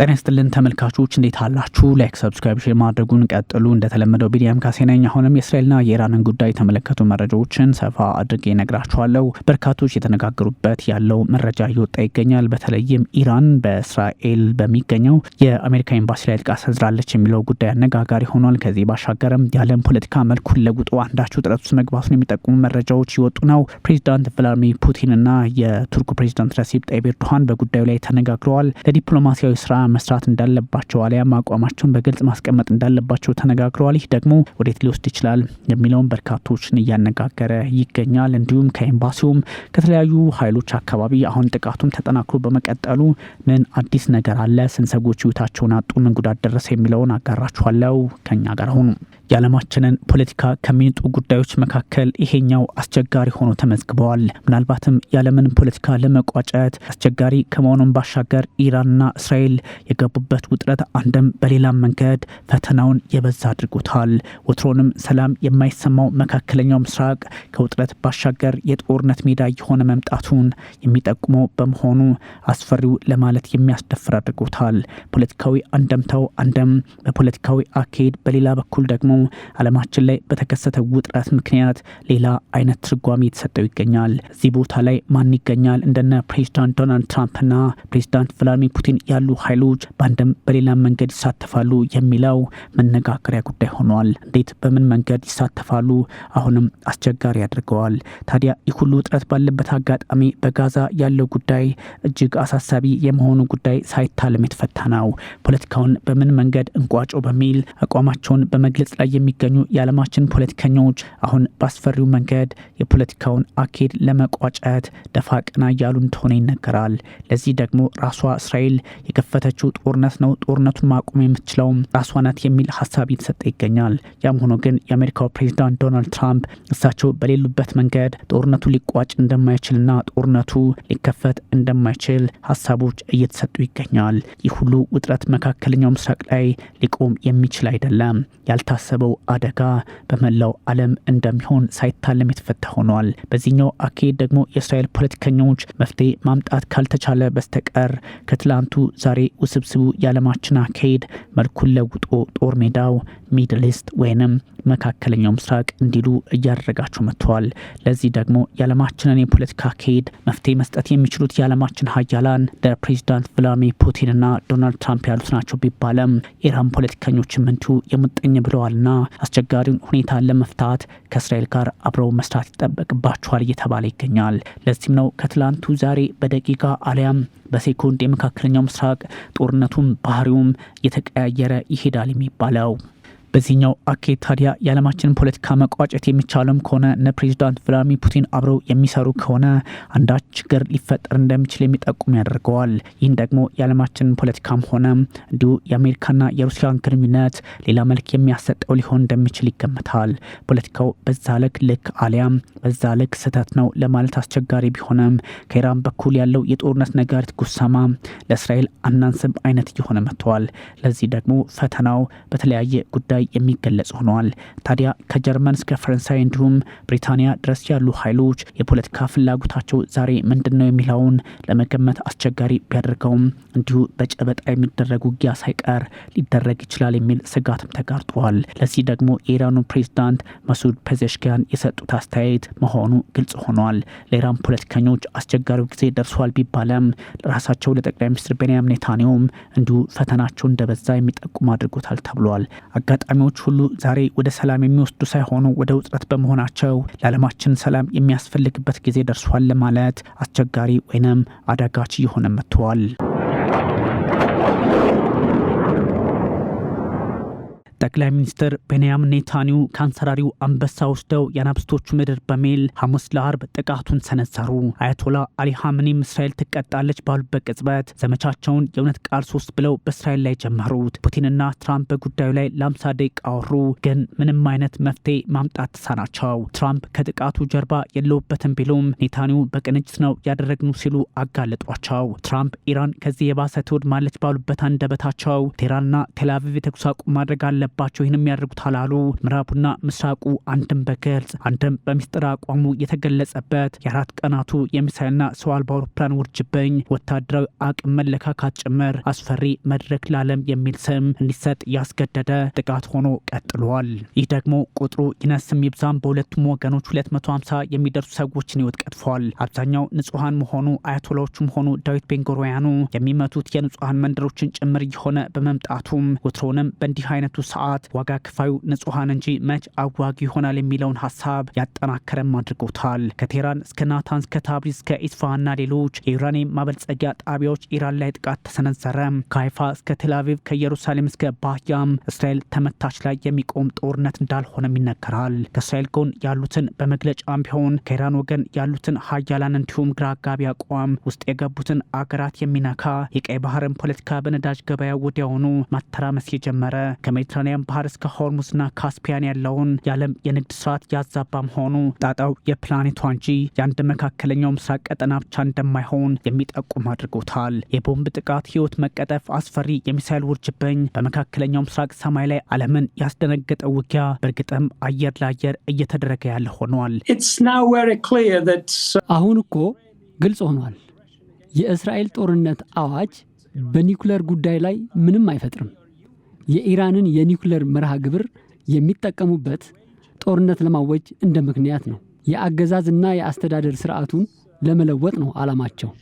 ጤና ይስጥልን ተመልካቾች እንዴት አላችሁ? ላይክ ሰብስክራይብ ሼር ማድረጉን ቀጥሉ። እንደተለመደው ቢኒያም ካሴ ነኝ። አሁንም የእስራኤልና የኢራንን ጉዳይ የተመለከቱ መረጃዎችን ሰፋ አድርጌ እነግራችኋለሁ። በርካቶች የተነጋገሩበት ያለው መረጃ እየወጣ ይገኛል። በተለይም ኢራን በእስራኤል በሚገኘው የአሜሪካ ኤምባሲ ላይ ጥቃት ሰንዝራለች የሚለው ጉዳይ አነጋጋሪ ሆኗል። ከዚህ ባሻገርም የዓለም ፖለቲካ መልኩን ለውጦ አንዳቸው ጥረት ውስጥ መግባቱን የሚጠቁሙ መረጃዎች ይወጡ ነው። ፕሬዚዳንት ቭላድሚር ፑቲንና የቱርኩ ፕሬዚዳንት ረሲፕ ጣይብ ኤርዶሃን በጉዳዩ ላይ ተነጋግረዋል። ለዲፕሎማሲያዊ ስራ መስራት እንዳለባቸው አሊያም አቋማቸውን በግልጽ ማስቀመጥ እንዳለባቸው ተነጋግረዋል። ይህ ደግሞ ወዴት ሊወስድ ይችላል የሚለውን በርካቶችን እያነጋገረ ይገኛል። እንዲሁም ከኤምባሲውም ከተለያዩ ኃይሎች አካባቢ አሁን ጥቃቱም ተጠናክሮ በመቀጠሉ ምን አዲስ ነገር አለ? ስንት ሰዎች አጡ? ምን ጉዳት ደረሰ? የሚለውን አጋራችኋለው። ከኛ ጋር ሆኑ። የዓለማችንን ፖለቲካ ከሚንጡ ጉዳዮች መካከል ይሄኛው አስቸጋሪ ሆኖ ተመዝግበዋል። ምናልባትም የዓለምን ፖለቲካ ለመቋጨት አስቸጋሪ ከመሆኑን ባሻገር ኢራንና እስራኤል የገቡበት ውጥረት አንድም በሌላም መንገድ ፈተናውን የበዛ አድርጎታል። ወትሮንም ሰላም የማይሰማው መካከለኛው ምስራቅ ከውጥረት ባሻገር የጦርነት ሜዳ የሆነ መምጣቱን የሚጠቁመው በመሆኑ አስፈሪው ለማለት የሚያስደፍር አድርጎታል። ፖለቲካዊ አንደምታው አንድም በፖለቲካዊ አካሄድ፣ በሌላ በኩል ደግሞ አለማችን ላይ በተከሰተ ውጥረት ምክንያት ሌላ አይነት ትርጓሜ የተሰጠው ይገኛል። እዚህ ቦታ ላይ ማን ይገኛል? እንደነ ፕሬዚዳንት ዶናልድ ትራምፕና ፕሬዚዳንት ቭላድሚር ፑቲን ያሉ ኃይሎች ኃይሎች በአንድም በሌላ መንገድ ይሳተፋሉ የሚለው መነጋገሪያ ጉዳይ ሆኗል። እንዴት በምን መንገድ ይሳተፋሉ አሁንም አስቸጋሪ አድርገዋል። ታዲያ ይህ ሁሉ ውጥረት ባለበት አጋጣሚ በጋዛ ያለው ጉዳይ እጅግ አሳሳቢ የመሆኑ ጉዳይ ሳይታለም የተፈታ ነው። ፖለቲካውን በምን መንገድ እንቋጮ በሚል አቋማቸውን በመግለጽ ላይ የሚገኙ የዓለማችን ፖለቲከኞች አሁን በአስፈሪው መንገድ የፖለቲካውን አኬድ ለመቋጨት ደፋ ቀና እያሉ እንደሆነ ይነገራል። ለዚህ ደግሞ ራሷ እስራኤል የከፈተ የጀመረችው ጦርነት ነው። ጦርነቱን ማቆም የምትችለው ራሷ ናት የሚል ሀሳብ እየተሰጠ ይገኛል። ያም ሆኖ ግን የአሜሪካው ፕሬዚዳንት ዶናልድ ትራምፕ እሳቸው በሌሉበት መንገድ ጦርነቱ ሊቋጭ እንደማይችልና ጦርነቱ ሊከፈት እንደማይችል ሀሳቦች እየተሰጡ ይገኛል። ይህ ሁሉ ውጥረት መካከለኛው ምስራቅ ላይ ሊቆም የሚችል አይደለም። ያልታሰበው አደጋ በመላው ዓለም እንደሚሆን ሳይታለም የተፈታ ሆኗል። በዚህኛው አካሄድ ደግሞ የእስራኤል ፖለቲከኞች መፍትሄ ማምጣት ካልተቻለ በስተቀር ከትላንቱ ዛሬ ውስብስቡ የዓለማችን አካሄድ መልኩን ለውጦ ጦር ሜዳው ሚድል ኢስት ወይንም መካከለኛው ምስራቅ እንዲሉ እያደረጋቸው መጥተዋል። ለዚህ ደግሞ የዓለማችንን የፖለቲካ አካሄድ መፍትሄ መስጠት የሚችሉት የዓለማችን ሀያላን ለፕሬዚዳንት ቭላድሚር ፑቲንና ዶናልድ ትራምፕ ያሉት ናቸው ቢባለም ኢራን ፖለቲከኞችም እንዲሁ የሙጥኝ ብለዋልና አስቸጋሪውን ሁኔታ ለመፍታት ከእስራኤል ጋር አብረው መስራት ይጠበቅባቸዋል እየተባለ ይገኛል። ለዚህም ነው ከትላንቱ ዛሬ በደቂቃ አሊያም በሴኮንድ የመካከለኛው ምስራቅ ጦርነቱም ባህሪውም እየተቀያየረ ይሄዳል የሚባለው። በዚህኛው አኬ ታዲያ የዓለማችንን ፖለቲካ መቋጨት የሚቻለም ከሆነ እነ ፕሬዚዳንት ቭላድሚር ፑቲን አብረው የሚሰሩ ከሆነ አንዳች ችግር ሊፈጠር እንደሚችል የሚጠቁም ያደርገዋል። ይህን ደግሞ የዓለማችንን ፖለቲካም ሆነ እንዲሁ የአሜሪካና የሩሲያን ግንኙነት ሌላ መልክ የሚያሰጠው ሊሆን እንደሚችል ይገመታል። ፖለቲካው በዛ ልክ ልክ አሊያም በዛ ልክ ስህተት ነው ለማለት አስቸጋሪ ቢሆንም ከኢራን በኩል ያለው የጦርነት ነጋሪት ጉሰማ ለእስራኤል አናንስም አይነት እየሆነ መጥተዋል። ለዚህ ደግሞ ፈተናው በተለያየ ጉዳይ ላይ የሚገለጽ ሆነዋል። ታዲያ ከጀርመን እስከ ፈረንሳይ እንዲሁም ብሪታንያ ድረስ ያሉ ኃይሎች የፖለቲካ ፍላጎታቸው ዛሬ ምንድን ነው የሚለውን ለመገመት አስቸጋሪ ቢያደርገውም እንዲሁ በጨበጣ የሚደረግ ውጊያ ሳይቀር ሊደረግ ይችላል የሚል ስጋትም ተጋርጧል። ለዚህ ደግሞ የኢራኑ ፕሬዝዳንት መሱድ ፔዜሽኪያን የሰጡት አስተያየት መሆኑ ግልጽ ሆኗል። ለኢራን ፖለቲከኞች አስቸጋሪው ጊዜ ደርሷል ቢባለም ራሳቸው ለጠቅላይ ሚኒስትር ቤንያም ኔታንያሁም እንዲሁ ፈተናቸው እንደበዛ የሚጠቁም አድርጎታል ተብሏል። አጋጣሚ አጋጣሚዎች ሁሉ ዛሬ ወደ ሰላም የሚወስዱ ሳይሆኑ ወደ ውጥረት በመሆናቸው ለዓለማችን ሰላም የሚያስፈልግበት ጊዜ ደርሷል ለማለት አስቸጋሪ ወይንም አዳጋች እየሆነ መጥተዋል። ጠቅላይ ሚኒስትር ቤንያሚን ኔታንያሁ ከአንሰራሪው አንበሳ ወስደው የአናብስቶቹ ምድር በሚል ሐሙስ ለአርብ ጥቃቱን ሰነዘሩ። አያቶላ አሊ ሐምኒም እስራኤል ትቀጣለች ባሉበት ቅጽበት ዘመቻቸውን የእውነት ቃል ሶስት ብለው በእስራኤል ላይ ጀመሩት። ፑቲንና ትራምፕ በጉዳዩ ላይ ለአምሳ ደቂቃ አወሩ፣ ግን ምንም አይነት መፍትሄ ማምጣት ተሳናቸው። ትራምፕ ከጥቃቱ ጀርባ የለውበትም ቢሉም ኔታኒው በቅንጅት ነው ያደረግኑ ሲሉ አጋለጧቸው። ትራምፕ ኢራን ከዚህ የባሰ ማለች ባሉበት አንደበታቸው ቴህራንና ቴላቪቭ የተኩስ አቁም ማድረግ አለ አለባቸው ይህንም ያደርጉት አላሉ። ምዕራቡና ምስራቁ አንድም በግልጽ አንድም በሚስጥር አቋሙ የተገለጸበት የአራት ቀናቱ የሚሳይልና ሰው አልባ አውሮፕላን ውርጅብኝ ወታደራዊ አቅም መለካካት ጭምር አስፈሪ መድረክ ለዓለም የሚል ስም እንዲሰጥ ያስገደደ ጥቃት ሆኖ ቀጥሏል። ይህ ደግሞ ቁጥሩ ይነስም ይብዛም በሁለቱም ወገኖች 250 የሚደርሱ ሰዎችን ህይወት ቀጥፏል። አብዛኛው ንጹሐን መሆኑ አያቶላዎቹም ሆኑ ዳዊት ቤንጎሮያኑ የሚመቱት የንጹሐን መንደሮችን ጭምር እየሆነ በመምጣቱም ወትሮውንም በእንዲህ አይነቱ ሰ ስርዓት ዋጋ ክፋዩ ንጹሐን እንጂ መች አዋጊ ይሆናል የሚለውን ሀሳብ ያጠናከረም አድርጎታል። ከቴህራን እስከ ናታንስ፣ ከታብሪዝ እስከ ኢስፋሃንና ሌሎች የዩራኒየም ማበልጸጊያ ጣቢያዎች ኢራን ላይ ጥቃት ተሰነዘረ። ከሀይፋ እስከ ቴላቪቭ ከኢየሩሳሌም እስከ ባህያም እስራኤል ተመታች ላይ የሚቆም ጦርነት እንዳልሆነም ይነገራል። ከእስራኤል ጎን ያሉትን በመግለጫም ቢሆን ከኢራን ወገን ያሉትን ሀያላን እንዲሁም ግራ አጋቢ አቋም ውስጥ የገቡትን አገራት የሚነካ የቀይ ባህርን ፖለቲካ በነዳጅ ገበያ ወዲያውኑ ማተራመስ የጀመረ ከሜዲትራኒያ እስከ ፓሪስ ከሆርሙዝና ካስፒያን ያለውን የዓለም የንግድ ስርዓት ያዛባ መሆኑ ጣጣው የፕላኔቷ እንጂ የአንድ መካከለኛው ምስራቅ ቀጠና ብቻ እንደማይሆን የሚጠቁም አድርጎታል። የቦምብ ጥቃት፣ ህይወት መቀጠፍ፣ አስፈሪ የሚሳይል ውርጅብኝ፣ በመካከለኛው ምስራቅ ሰማይ ላይ ዓለምን ያስደነገጠ ውጊያ በእርግጥም አየር ለአየር እየተደረገ ያለ ሆኗል። uh, አሁን እኮ ግልጽ ሆኗል። የእስራኤል ጦርነት አዋጅ በኒውክለር ጉዳይ ላይ ምንም አይፈጥርም። የኢራንን የኒውክለር መርሃ ግብር የሚጠቀሙበት ጦርነት ለማወጅ እንደ ምክንያት ነው። የአገዛዝና የአስተዳደር ስርዓቱን ለመለወጥ ነው አላማቸው።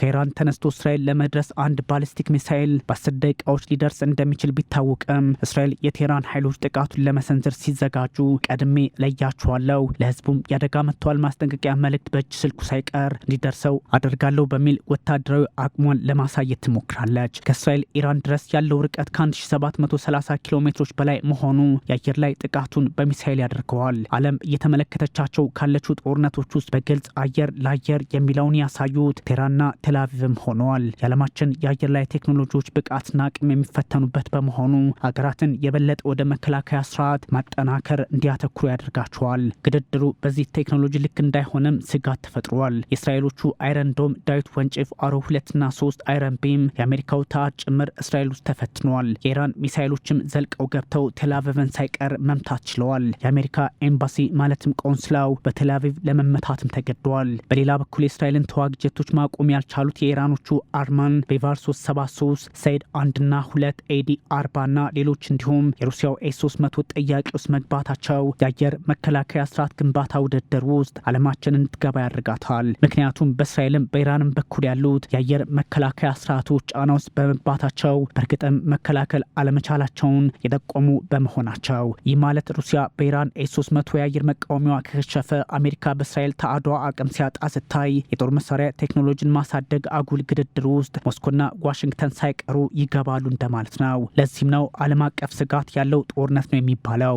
ከኢራን ተነስቶ እስራኤል ለመድረስ አንድ ባሊስቲክ ሚሳኤል በአስር ደቂቃዎች ሊደርስ እንደሚችል ቢታወቅም እስራኤል የቴህራን ኃይሎች ጥቃቱን ለመሰንዘር ሲዘጋጁ ቀድሜ ለያችኋለሁ፣ ለህዝቡም የአደጋ መጥተዋል ማስጠንቀቂያ መልእክት በእጅ ስልኩ ሳይቀር እንዲደርሰው አደርጋለሁ በሚል ወታደራዊ አቅሟን ለማሳየት ትሞክራለች። ከእስራኤል ኢራን ድረስ ያለው ርቀት ከ1730 ኪሎ ሜትሮች በላይ መሆኑ የአየር ላይ ጥቃቱን በሚሳኤል ያደርገዋል። ዓለም እየተመለከተቻቸው ካለችው ጦርነቶች ውስጥ በግልጽ አየር ለአየር የሚለውን ያሳዩት ቴራና ቴላቪቭም ሆነዋል። የዓለማችን የአየር ላይ ቴክኖሎጂዎች ብቃትና አቅም የሚፈተኑበት በመሆኑ ሀገራትን የበለጠ ወደ መከላከያ ስርዓት ማጠናከር እንዲያተኩሩ ያደርጋቸዋል። ግድድሩ በዚህ ቴክኖሎጂ ልክ እንዳይሆንም ስጋት ተፈጥሯል። የእስራኤሎቹ አይረን ዶም፣ ዳዊት ወንጭፍ፣ አሮ ሁለትና ሶስት አይረን ቢም የአሜሪካው ታር ጭምር እስራኤል ውስጥ ተፈትኗል። የኢራን ሚሳይሎችም ዘልቀው ገብተው ቴላቪቭን ሳይቀር መምታት ችለዋል። የአሜሪካ ኤምባሲ ማለትም ቆንስላው በቴላቪቭ ለመመታት ለመመለስም ተገደዋል። በሌላ በኩል የእስራኤልን ተዋጊ ጀቶች ማቆም ያልቻሉት የኢራኖቹ አርማን ቤቫር 373 ሰይድ አንድና ሁለት ኤዲ አርባ ና ሌሎች እንዲሁም የሩሲያው ኤ 300 ጥያቄ ውስጥ መግባታቸው የአየር መከላከያ ስርዓት ግንባታ ውድድር ውስጥ አለማችን እንድትገባ ያደርጋታል። ምክንያቱም በእስራኤልም በኢራንም በኩል ያሉት የአየር መከላከያ ስርዓቶች ጫና ውስጥ በመግባታቸው በእርግጥም መከላከል አለመቻላቸውን የጠቆሙ በመሆናቸው ይህ ማለት ሩሲያ በኢራን ኤ 300 የአየር መቃወሚያ ከከሸፈ አሜሪካ በእስራኤል ተ አድዋ አቅም ሲያጣ ስታይ የጦር መሳሪያ ቴክኖሎጂን ማሳደግ አጉል ግድድር ውስጥ ሞስኮና ዋሽንግተን ሳይቀሩ ይገባሉ እንደማለት ነው። ለዚህም ነው ዓለም አቀፍ ስጋት ያለው ጦርነት ነው የሚባለው።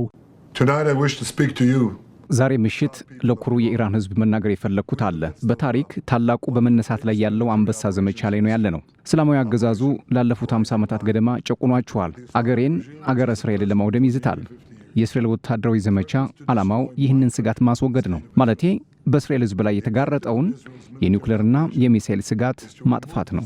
ዛሬ ምሽት ለኩሩ የኢራን ህዝብ መናገር የፈለግኩት አለ። በታሪክ ታላቁ በመነሳት ላይ ያለው አንበሳ ዘመቻ ላይ ነው ያለ ነው። እስላማዊ አገዛዙ ላለፉት 50 ዓመታት ገደማ ጨቁኗችኋል። አገሬን አገረ እስራኤልን ለማውደም ይዝታል። የእስራኤል ወታደራዊ ዘመቻ ዓላማው ይህንን ስጋት ማስወገድ ነው። ማለቴ በእስራኤል ሕዝብ ላይ የተጋረጠውን የኒውክሌርና የሚሳኤል ስጋት ማጥፋት ነው።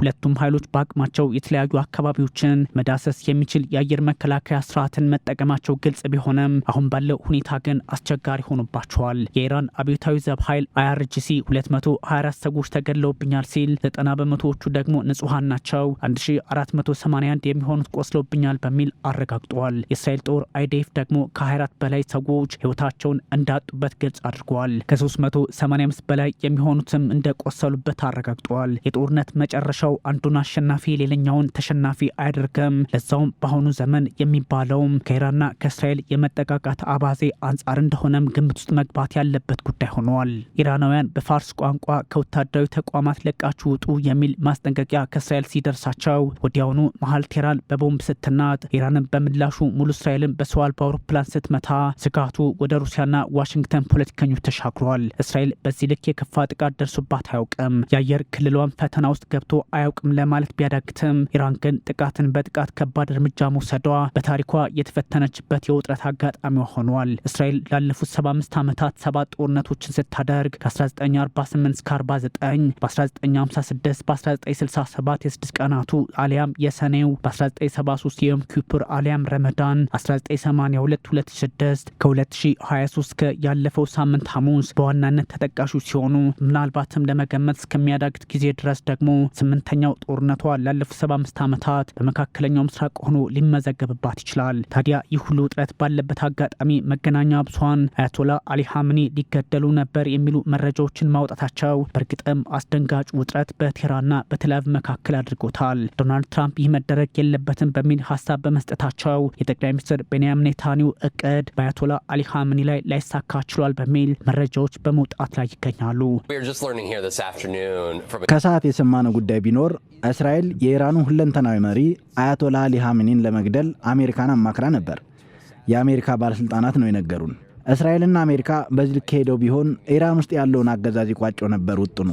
ሁለቱም ኃይሎች በአቅማቸው የተለያዩ አካባቢዎችን መዳሰስ የሚችል የአየር መከላከያ ስርዓትን መጠቀማቸው ግልጽ ቢሆንም አሁን ባለው ሁኔታ ግን አስቸጋሪ ሆኖባቸዋል። የኢራን አብዮታዊ ዘብ ኃይል አይአርጂሲ 224 ሰዎች ተገድለውብኛል ሲል 90 በመቶዎቹ ደግሞ ንጹሐን ናቸው፣ 1481 የሚሆኑት ቆስለውብኛል በሚል አረጋግጧል። የእስራኤል ጦር አይዴፍ ደግሞ ከ24 በላይ ሰዎች ህይወታቸውን እንዳጡበት ግልጽ አድርጓል። ከ385 በላይ የሚሆኑትም እንደቆሰሉበት አረጋግጧል። የጦርነት መጨረሻ ሰው አንዱን አሸናፊ ሌላኛውን ተሸናፊ አያደርገም። ለዛውም በአሁኑ ዘመን የሚባለውም ከኢራንና ከእስራኤል የመጠቃቃት አባዜ አንጻር እንደሆነም ግምት ውስጥ መግባት ያለበት ጉዳይ ሆኗል። ኢራናውያን በፋርስ ቋንቋ ከወታደራዊ ተቋማት ለቃችሁ ውጡ የሚል ማስጠንቀቂያ ከእስራኤል ሲደርሳቸው ወዲያውኑ መሀል ቴራን በቦምብ ስትናጥ ኢራንን በምላሹ ሙሉ እስራኤልን በሰው አልባ አውሮፕላን ስትመታ ስጋቱ ወደ ሩሲያና ዋሽንግተን ፖለቲከኞች ተሻግሯል። እስራኤል በዚህ ልክ የከፋ ጥቃት ደርሶባት አያውቅም። የአየር ክልሏን ፈተና ውስጥ ገብቶ አያውቅም ለማለት ቢያዳግትም ኢራን ግን ጥቃትን በጥቃት ከባድ እርምጃ መውሰዷ በታሪኳ የተፈተነችበት የውጥረት አጋጣሚዋ ሆኗል። እስራኤል ላለፉት 75 ዓመታት ሰባት ጦርነቶችን ስታደርግ ከ1948 እስከ 49 በ1956 በ1967 የስድስት ቀናቱ አሊያም የሰኔው በ1973 የዮም ኪፑር አሊያም ረመዳን 1982 2006 ከ2023 ያለፈው ሳምንት ሐሙስ በዋናነት ተጠቃሹ ሲሆኑ ምናልባትም ለመገመት እስከሚያዳግት ጊዜ ድረስ ደግሞ ስምንተኛው ጦርነቷ ላለፉት 75 ዓመታት በመካከለኛው ምስራቅ ሆኖ ሊመዘገብባት ይችላል። ታዲያ ይህ ሁሉ ውጥረት ባለበት አጋጣሚ መገናኛ ብሷን አያቶላ አሊ ሐምኔ ሊገደሉ ነበር የሚሉ መረጃዎችን ማውጣታቸው በእርግጥም አስደንጋጭ ውጥረት በቴህራንና በቴልአቪቭ መካከል አድርጎታል። ዶናልድ ትራምፕ ይህ መደረግ የለበትም በሚል ሀሳብ በመስጠታቸው የጠቅላይ ሚኒስትር ቤንያሚን ኔታንያሁ እቅድ በአያቶላ አሊ ሐምኔ ላይ ላይሳካ ችሏል በሚል መረጃዎች በመውጣት ላይ ይገኛሉ። ከሰዓት የሰማነው ጉዳይ ቢኖር እስራኤል የኢራኑ ሁለንተናዊ መሪ አያቶላ አሊ ለመግደል አሜሪካን አማክራ ነበር። የአሜሪካ ባለሥልጣናት ነው የነገሩን። እስራኤልና አሜሪካ በዚህ ልክ ሄደው ቢሆን ኢራን ውስጥ ያለውን አገዛዝ ይቋጨው ነበር ውጥኑ።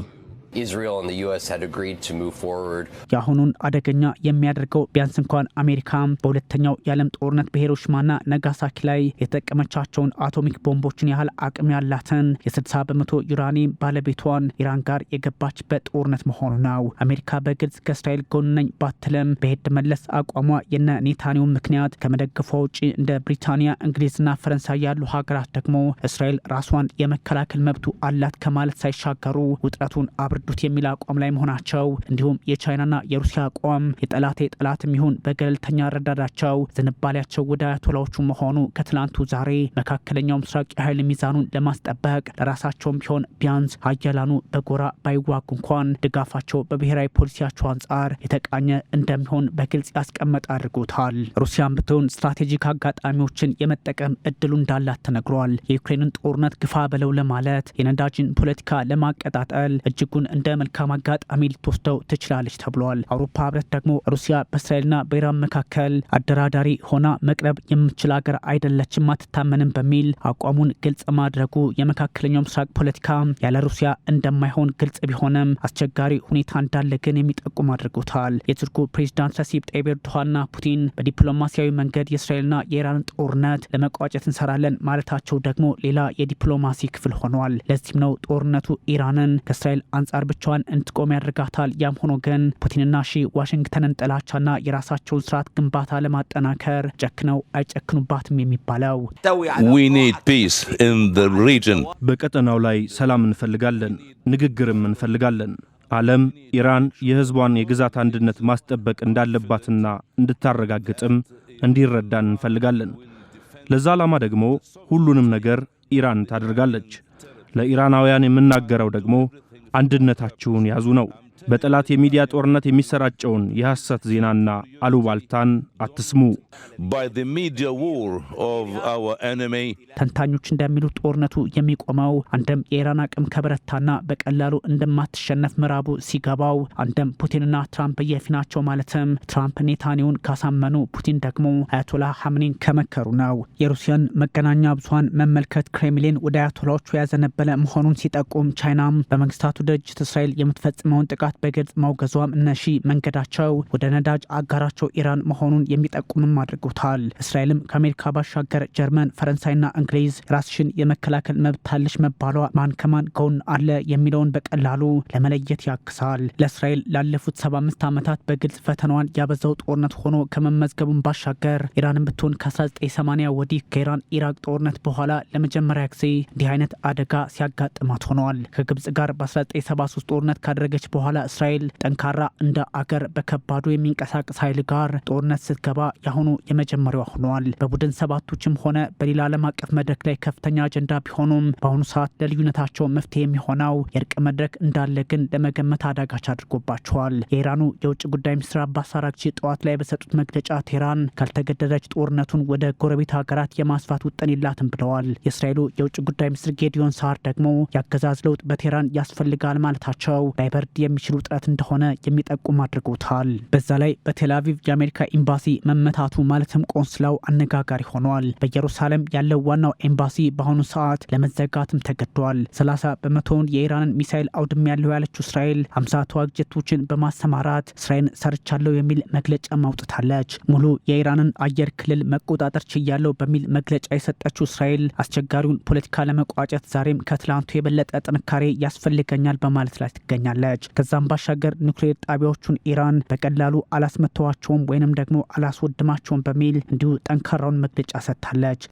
የአሁኑን አደገኛ የሚያደርገው ቢያንስ እንኳን አሜሪካ በሁለተኛው የዓለም ጦርነት በሂሮሺማና ነጋሳኪ ላይ የተጠቀመቻቸውን አቶሚክ ቦምቦችን ያህል አቅም ያላትን የ60 በመቶ ዩራኒየም ባለቤቷን ኢራን ጋር የገባችበት ጦርነት መሆኑ ነው። አሜሪካ በግልጽ ከእስራኤል ጎን ነኝ ባትልም በሄድ መለስ አቋሟ የነ ኔታንያሁ ምክንያት ከመደገፏ ውጪ እንደ ብሪታንያ፣ እንግሊዝና ፈረንሳይ ያሉ ሀገራት ደግሞ እስራኤል ራሷን የመከላከል መብቱ አላት ከማለት ሳይሻገሩ ውጥረቱን አብር አይወርዱት የሚል አቋም ላይ መሆናቸው እንዲሁም የቻይናና የሩሲያ አቋም የጠላቴ ጠላት የሚሆን በገለልተኛ ረዳዳቸው ዝንባሌያቸው ወደ አያቶላዎቹ መሆኑ ከትላንቱ ዛሬ መካከለኛው ምስራቅ የኃይል ሚዛኑን ለማስጠበቅ ለራሳቸውም ቢሆን ቢያንስ አያላኑ በጎራ ባይዋጉ እንኳን ድጋፋቸው በብሔራዊ ፖሊሲያቸው አንጻር የተቃኘ እንደሚሆን በግልጽ ያስቀመጠ አድርጎታል። ሩሲያን ብትሆን ስትራቴጂክ አጋጣሚዎችን የመጠቀም እድሉ እንዳላት ተነግሯል። የዩክሬንን ጦርነት ግፋ በለው ለማለት የነዳጅን ፖለቲካ ለማቀጣጠል እጅጉን እንደ መልካም አጋጣሚ ልትወስደው ትችላለች ተብሏል። አውሮፓ ህብረት ደግሞ ሩሲያ በእስራኤልና በኢራን መካከል አደራዳሪ ሆና መቅረብ የምችል ሀገር አይደለችም፣ አትታመንም በሚል አቋሙን ግልጽ ማድረጉ የመካከለኛው ምስራቅ ፖለቲካ ያለ ሩሲያ እንደማይሆን ግልጽ ቢሆንም አስቸጋሪ ሁኔታ እንዳለ ግን የሚጠቁም አድርጎታል። የቱርኩ ፕሬዚዳንት ረሲብ ጣይብ ኤርዶሃንና ፑቲን በዲፕሎማሲያዊ መንገድ የእስራኤልና የኢራን ጦርነት ለመቋጨት እንሰራለን ማለታቸው ደግሞ ሌላ የዲፕሎማሲ ክፍል ሆኗል። ለዚህም ነው ጦርነቱ ኢራንን ከእስራኤል አንጻር በቀር ብቻዋን እንድትቆም ያደርጋታል። ያም ሆኖ ግን ፑቲንና ሺ ዋሽንግተንን ጥላቻና የራሳቸውን ስርዓት ግንባታ ለማጠናከር ጨክነው አይጨክኑባትም የሚባለው በቀጠናው ላይ ሰላም እንፈልጋለን፣ ንግግርም እንፈልጋለን። ዓለም ኢራን የሕዝቧን የግዛት አንድነት ማስጠበቅ እንዳለባትና እንድታረጋግጥም እንዲረዳን እንፈልጋለን። ለዛ ዓላማ ደግሞ ሁሉንም ነገር ኢራን ታደርጋለች። ለኢራናውያን የምናገረው ደግሞ አንድነታችሁን ያዙ ነው። በጠላት የሚዲያ ጦርነት የሚሰራጨውን የሐሰት ዜናና አሉባልታን አትስሙ። ተንታኞች እንደሚሉት ጦርነቱ የሚቆመው አንድም የኢራን አቅም ከበረታና በቀላሉ እንደማትሸነፍ ምዕራቡ ሲገባው፣ አንድም ፑቲንና ትራምፕ በየፊናቸው ማለትም ትራምፕ ኔታኒውን ካሳመኑ፣ ፑቲን ደግሞ አያቶላ ሐምኒን ከመከሩ ነው። የሩሲያን መገናኛ ብዙሃን መመልከት ክሬምሊን ወደ አያቶላዎቹ ያዘነበለ መሆኑን ሲጠቁም፣ ቻይናም በመንግስታቱ ድርጅት እስራኤል የምትፈጽመውን ጥቃት ጥቃት በግልጽ ማውገዟም እነሺ መንገዳቸው ወደ ነዳጅ አጋራቸው ኢራን መሆኑን የሚጠቁምም አድርጎታል። እስራኤልም ከአሜሪካ ባሻገር ጀርመን፣ ፈረንሳይና እንግሊዝ ራስሽን የመከላከል መብት አለሽ መባሏ ማን ከማን ጎን አለ የሚለውን በቀላሉ ለመለየት ያክሳል። ለእስራኤል ላለፉት 75 ዓመታት በግልጽ ፈተናዋን ያበዛው ጦርነት ሆኖ ከመመዝገቡን ባሻገር ኢራን ብትሆን ከ1980 ወዲህ ከኢራን ኢራቅ ጦርነት በኋላ ለመጀመሪያ ጊዜ እንዲህ አይነት አደጋ ሲያጋጥማት ሆነዋል። ከግብጽ ጋር በ1973 ጦርነት ካደረገች በኋላ እስራኤል ጠንካራ እንደ አገር በከባዱ የሚንቀሳቀስ ኃይል ጋር ጦርነት ስትገባ የአሁኑ የመጀመሪያዋ ሆኗል። በቡድን ሰባቶችም ሆነ በሌላ ዓለም አቀፍ መድረክ ላይ ከፍተኛ አጀንዳ ቢሆኑም በአሁኑ ሰዓት ለልዩነታቸው መፍትሄ የሚሆነው የእርቅ መድረክ እንዳለ ግን ለመገመት አዳጋች አድርጎባቸዋል። የኢራኑ የውጭ ጉዳይ ሚኒስትር አባስ አራግቺ ጠዋት ላይ በሰጡት መግለጫ ቴህራን ካልተገደደች ጦርነቱን ወደ ጎረቤት ሀገራት የማስፋት ውጥን የላትም ብለዋል። የእስራኤሉ የውጭ ጉዳይ ሚኒስትር ጌዲዮን ሳር ደግሞ ያገዛዝ ለውጥ በቴህራን ያስፈልጋል ማለታቸው ላይበርድ የሚችል የሚችሉ ጥረት እንደሆነ የሚጠቁም አድርጎታል። በዛ ላይ በቴላቪቭ የአሜሪካ ኤምባሲ መመታቱ ማለትም ቆንስላው አነጋጋሪ ሆኗል። በኢየሩሳሌም ያለው ዋናው ኤምባሲ በአሁኑ ሰዓት ለመዘጋትም ተገዷል። 30 በመቶውን የኢራንን ሚሳይል አውድም ያለው ያለችው እስራኤል 50 ተዋጊ ጀቶችን በማሰማራት እስራኤል ሰርቻለሁ የሚል መግለጫ ማውጥታለች። ሙሉ የኢራንን አየር ክልል መቆጣጠር ችያለሁ በሚል መግለጫ የሰጠችው እስራኤል አስቸጋሪውን ፖለቲካ ለመቋጨት ዛሬም ከትላንቱ የበለጠ ጥንካሬ ያስፈልገኛል በማለት ላይ ትገኛለች። ከዛ ከዛም ባሻገር ኒውክሌር ጣቢያዎቹን ኢራን በቀላሉ አላስመተዋቸውም ወይንም ደግሞ አላስወድማቸውም በሚል እንዲሁ ጠንካራውን መግለጫ ሰጥታለች።